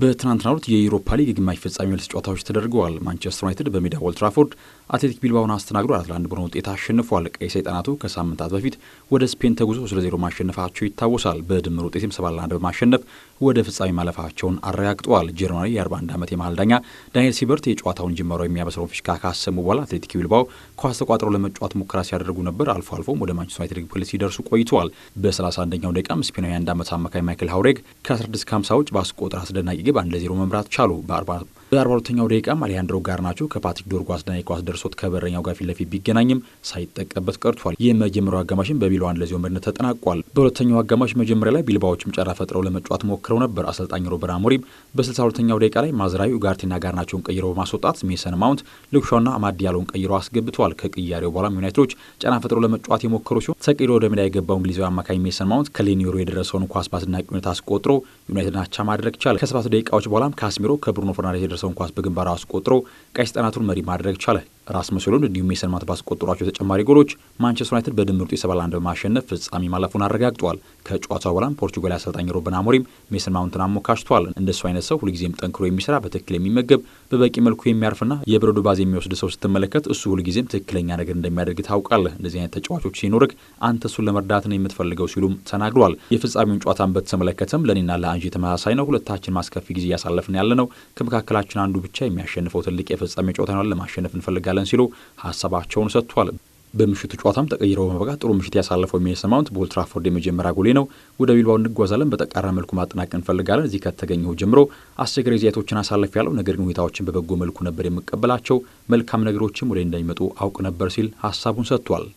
በትናንትናው ዕለት የዩሮፓ ሊግ የግማሽ ፍጻሜ መልስ ጨዋታዎች ተደርገዋል። ማንቸስተር ዩናይትድ በሜዳ ኦልድ ትራፎርድ አትሌቲክ ቢልባውን አስተናግዶ አራት ለአንድ በሆነ ውጤት አሸንፏል። ቀይ ሰይጣናቱ ከሳምንታት በፊት ወደ ስፔን ተጉዞ ስለ ዜሮ ማሸነፋቸው ይታወሳል። በድምር ውጤትም ሰባት ለአንድ በማሸነፍ ወደ ፍጻሜ ማለፋቸውን አረጋግጠዋል። ጀርመናዊ የ41 ዓመት የመሃል ዳኛ ዳንኤል ሲበርት የጨዋታውን ጅማሮ የሚያበስረውን ፊሽካ ካሰሙ በኋላ አትሌቲክ ቢልባው ኳስ ተቋጥሮ ለመጫወት ሙከራ ሲያደርጉ ነበር። አልፎ አልፎም ወደ ማንቸስተር ዩናይትድ ግብ ሲደርሱ ቆይተዋል። በ31ኛው ደቂቃም ስፔናዊ አንድ ዓመት አማካይ ማይክል ሀውሬግ ከ16 50 ውጭ በአስቆጥር አስደናቂ በአንድ ለዜሮ መምራት ቻሉ። በአርባ በ42ኛው ደቂቃም ጋር ናቸው ከፓትሪክ ዶርጎ አስደናቂ ኳስ ደርሶት ከበረኛው ጋር ፊት ለፊት ቢገናኝም ሳይጠቀበት ቀርቷል። የመጀመሪያው አጋማሽን በቢሎ አንድ ለዜሮ መድነት ተጠናቋል። በሁለተኛው አጋማሽ መጀመሪያ ላይ ቢልባዎችም ጨራ ፈጥረው ለመጫወት ሞክረው ነበር። አሰልጣኝ ሮበን አሞሪም በ62ኛው ደቂቃ ላይ ማዝራዊ ኡጋርቴና ናቸውን ቀይረው በማስወጣት ሜሰን ማውንት፣ ልክሻና አማድ ያለውን ቀይረው አስገብተዋል። ከቅያሬው በኋላም ዩናይትዶች ጨራ ፈጥረው ለመጫወት የሞከሩ ሲሆን ተቀይሮ ወደ ሜዳ የገባው እንግሊዛዊ አማካኝ ሜሰን ማውንት ከሌኒሮ የደረሰውን ኳስ በአስደናቂ ሁኔታ አስቆጥሮ ዩናይትድ ናቻ ማድረግ ቻለ። ከሰባት ደቂቃዎች በኋላም ካስሚሮ ከብሩኖ ፈርናንዴዝ ያደረሰውን ኳስ በግንባር አስቆጥሮ ቀይ ሰይጣናቱን መሪ ማድረግ ቻለ። ራስ መስሎን እንዲሁም ሜሰን ማውንት ባስቆጠሯቸው ተጨማሪ ጎሎች ማንቸስተር ዩናይትድ በድምር ውጤት ሰባት ለአንድ በማሸነፍ ፍጻሜ ማለፉን አረጋግጧል። ከጨዋታው በኋላም ፖርቱጋል አሰልጣኝ ሩበን አሞሪም ሜሰን ማውንትን አሞካሽቷል። እንደሱ አይነት ሰው ሁልጊዜም ጠንክሮ የሚሰራ በትክክል የሚመገብ በበቂ መልኩ የሚያርፍና የብረዶ ባዝ የሚወስድ ሰው ስትመለከት እሱ ሁልጊዜም ትክክለኛ ነገር እንደሚያደርግ ታውቃለህ። እንደዚህ አይነት ተጫዋቾች ሲኖርክ አንተ እሱን ለመርዳት ነው የምትፈልገው ሲሉም ተናግሯል። የፍጻሜውን ጨዋታን በተመለከተም ለእኔና ለአንጂ ተመሳሳይ ነው። ሁለታችን ማስከፊ ጊዜ እያሳለፍን ያለ ነው። ከመካከላችን አንዱ ብቻ የሚያሸንፈው ትልቅ የፍጻሜ ጨዋታ ነው ለማሸነፍ እንፈልጋለን እንችላለን ሲሉ ሀሳባቸውን ሰጥቷል። በምሽቱ ጨዋታም ተቀይረው በመብቃት ጥሩ ምሽት ያሳለፈው ሜሰን ማውንት በኦልድ የመጀመሪያ ጎሌ ነው። ወደ ቢልባው እንጓዛለን፣ በጠቃራ መልኩ ማጠናቀቅ እንፈልጋለን። እዚህ ከተገኘሁ ጀምሮ አስቸጋሪ ጊዜያቶችን አሳለፍ ያለው ነገር ግን ሁኔታዎችን በበጎ መልኩ ነበር የምቀበላቸው። መልካም ነገሮችም ወደ እንደሚመጡ አውቅ ነበር ሲል ሀሳቡን ሰጥቷል።